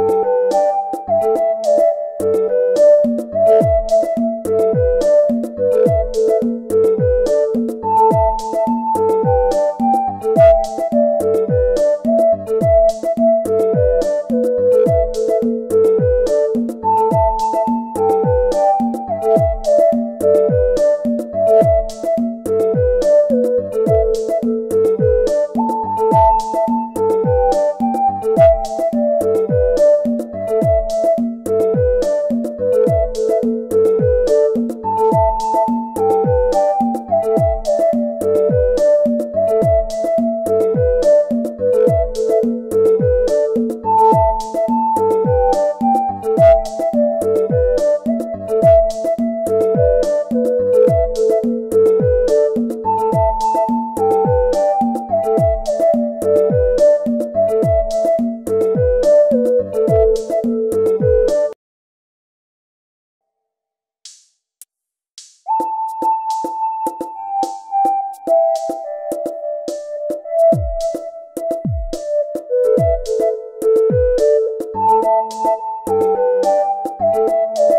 you Thank you.